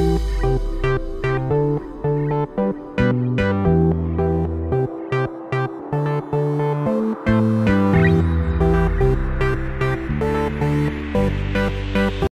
you